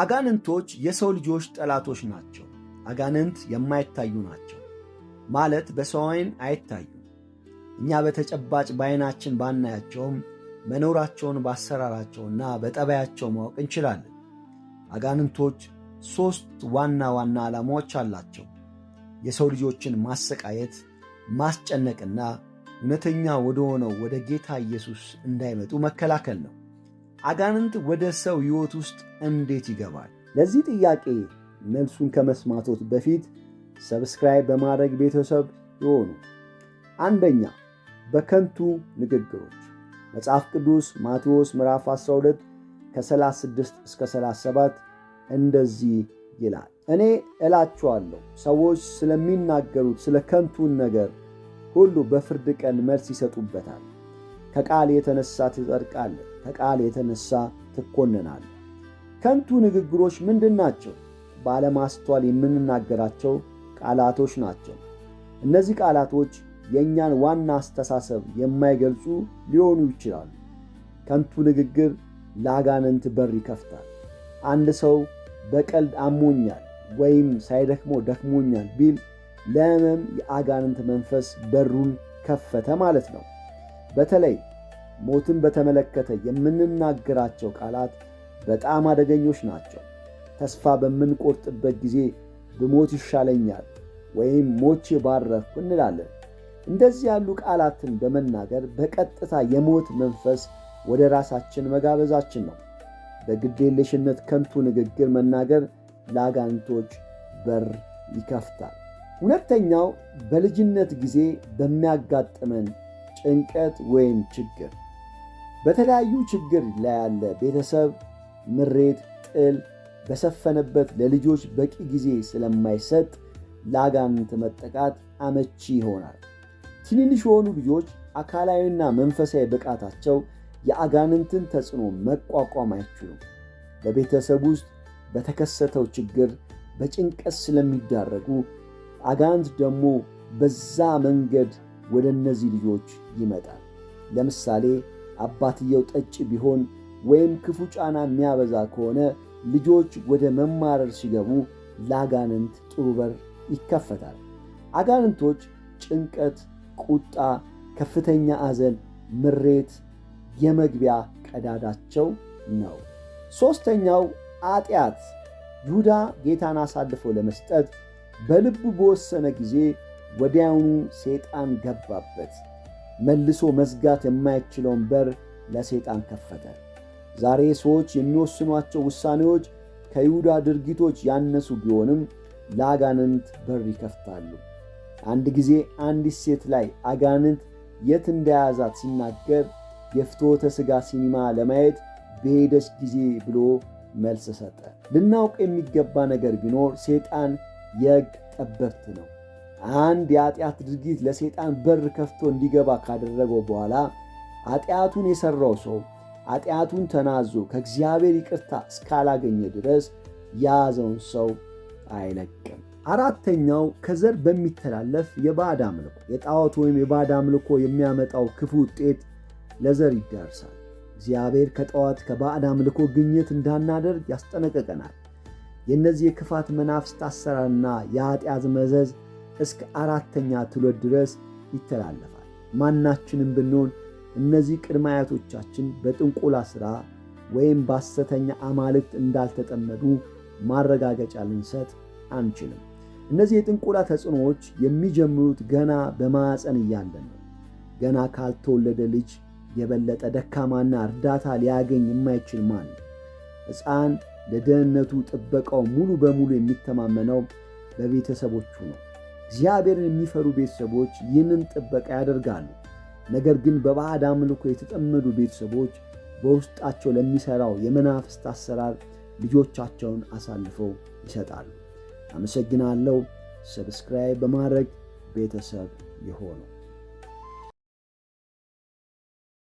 አጋንንቶች የሰው ልጆች ጠላቶች ናቸው። አጋንንት የማይታዩ ናቸው ማለት በሰው ዓይን አይታዩም። እኛ በተጨባጭ በዓይናችን ባናያቸውም መኖራቸውን ባሰራራቸውና በጠባያቸው ማወቅ እንችላለን። አጋንንቶች ሦስት ዋና ዋና ዓላማዎች አላቸው። የሰው ልጆችን ማሰቃየት፣ ማስጨነቅና እውነተኛ ወደ ሆነው ወደ ጌታ ኢየሱስ እንዳይመጡ መከላከል ነው። አጋንንት ወደ ሰው ሕይወት ውስጥ እንዴት ይገባል? ለዚህ ጥያቄ መልሱን ከመስማቶት በፊት ሰብስክራይብ በማድረግ ቤተሰብ ይሆኑ። አንደኛ በከንቱ ንግግሮች መጽሐፍ ቅዱስ ማቴዎስ ምዕራፍ 12 ከ36 እስከ 37 እንደዚህ ይላል፣ እኔ እላችኋለሁ ሰዎች ስለሚናገሩት ስለ ከንቱን ነገር ሁሉ በፍርድ ቀን መልስ ይሰጡበታል። ከቃል የተነሳ ትጸድቃለህ፣ ከቃል የተነሳ ትኮንናለህ። ከንቱ ንግግሮች ምንድን ናቸው? ባለማስተዋል የምንናገራቸው ቃላቶች ናቸው። እነዚህ ቃላቶች የእኛን ዋና አስተሳሰብ የማይገልጹ ሊሆኑ ይችላሉ። ከንቱ ንግግር ለአጋንንት በር ይከፍታል። አንድ ሰው በቀልድ አሞኛል ወይም ሳይደክሞ ደክሞኛል ቢል ለሕመም የአጋንንት መንፈስ በሩን ከፈተ ማለት ነው። በተለይ ሞትን በተመለከተ የምንናገራቸው ቃላት በጣም አደገኞች ናቸው። ተስፋ በምንቆርጥበት ጊዜ ብሞት ይሻለኛል ወይም ሞቼ ባረፍኩ እንላለን። እንደዚህ ያሉ ቃላትን በመናገር በቀጥታ የሞት መንፈስ ወደ ራሳችን መጋበዛችን ነው። በግዴለሽነት ከንቱ ንግግር መናገር ለአጋንንቶች በር ይከፍታል። ሁለተኛው በልጅነት ጊዜ በሚያጋጥመን ጭንቀት ወይም ችግር በተለያዩ ችግር ላይ ያለ ቤተሰብ ምሬት፣ ጥል በሰፈነበት ለልጆች በቂ ጊዜ ስለማይሰጥ ለአጋንንት መጠቃት አመቺ ይሆናል። ትንንሽ የሆኑ ልጆች አካላዊና መንፈሳዊ ብቃታቸው የአጋንንትን ተጽዕኖ መቋቋም አይችሉም። በቤተሰብ ውስጥ በተከሰተው ችግር በጭንቀት ስለሚዳረጉ አጋንንት ደግሞ በዛ መንገድ ወደ እነዚህ ልጆች ይመጣል። ለምሳሌ አባትየው ጠጭ ቢሆን ወይም ክፉ ጫና የሚያበዛ ከሆነ ልጆች ወደ መማረር ሲገቡ ለአጋንንት ጥሩ በር ይከፈታል። አጋንንቶች ጭንቀት፣ ቁጣ፣ ከፍተኛ አዘን፣ ምሬት የመግቢያ ቀዳዳቸው ነው። ሦስተኛው አጢአት ይሁዳ ጌታን አሳልፎ ለመስጠት በልቡ በወሰነ ጊዜ ወዲያውኑ ሰይጣን ገባበት። መልሶ መዝጋት የማይችለውን በር ለሰይጣን ከፈተ። ዛሬ ሰዎች የሚወስኗቸው ውሳኔዎች ከይሁዳ ድርጊቶች ያነሱ ቢሆንም ለአጋንንት በር ይከፍታሉ። አንድ ጊዜ አንዲት ሴት ላይ አጋንንት የት እንደያዛት ሲናገር የፍትወተ ሥጋ ሲኒማ ለማየት በሄደች ጊዜ ብሎ መልስ ሰጠ። ልናውቅ የሚገባ ነገር ቢኖር ሰይጣን የሕግ ጠበብት ነው። አንድ የኃጢአት ድርጊት ለሰይጣን በር ከፍቶ እንዲገባ ካደረገው በኋላ ኃጢአቱን የሠራው ሰው ኃጢአቱን ተናዞ ከእግዚአብሔር ይቅርታ እስካላገኘ ድረስ የያዘውን ሰው አይለቅም። አራተኛው ከዘር በሚተላለፍ የባዕድ አምልኮ የጣዖት ወይም የባዕድ አምልኮ የሚያመጣው ክፉ ውጤት ለዘር ይዳርሳል። እግዚአብሔር ከጣዖት ከባዕድ አምልኮ ግኝት እንዳናደርግ ያስጠነቅቀናል። የእነዚህ የክፋት መናፍስት አሰራርና የኃጢአት መዘዝ እስከ አራተኛ ትውልድ ድረስ ይተላለፋል። ማናችንም ብንሆን እነዚህ ቅድመ አያቶቻችን በጥንቆላ ሥራ ወይም በሐሰተኛ አማልክት እንዳልተጠመዱ ማረጋገጫ ልንሰጥ አንችልም። እነዚህ የጥንቆላ ተጽዕኖዎች የሚጀምሩት ገና በማዕፀን እያለን ነው። ገና ካልተወለደ ልጅ የበለጠ ደካማና እርዳታ ሊያገኝ የማይችል ማን ነው? ሕፃን ለደህንነቱ ጥበቃው ሙሉ በሙሉ የሚተማመነው በቤተሰቦቹ ነው። እግዚአብሔርን የሚፈሩ ቤተሰቦች ይህንን ጥበቃ ያደርጋሉ። ነገር ግን በባዕድ አምልኮ የተጠመዱ ቤተሰቦች በውስጣቸው ለሚሠራው የመናፍስት አሰራር ልጆቻቸውን አሳልፈው ይሰጣሉ። አመሰግናለሁ። ሰብስክራይብ በማድረግ ቤተሰብ የሆነው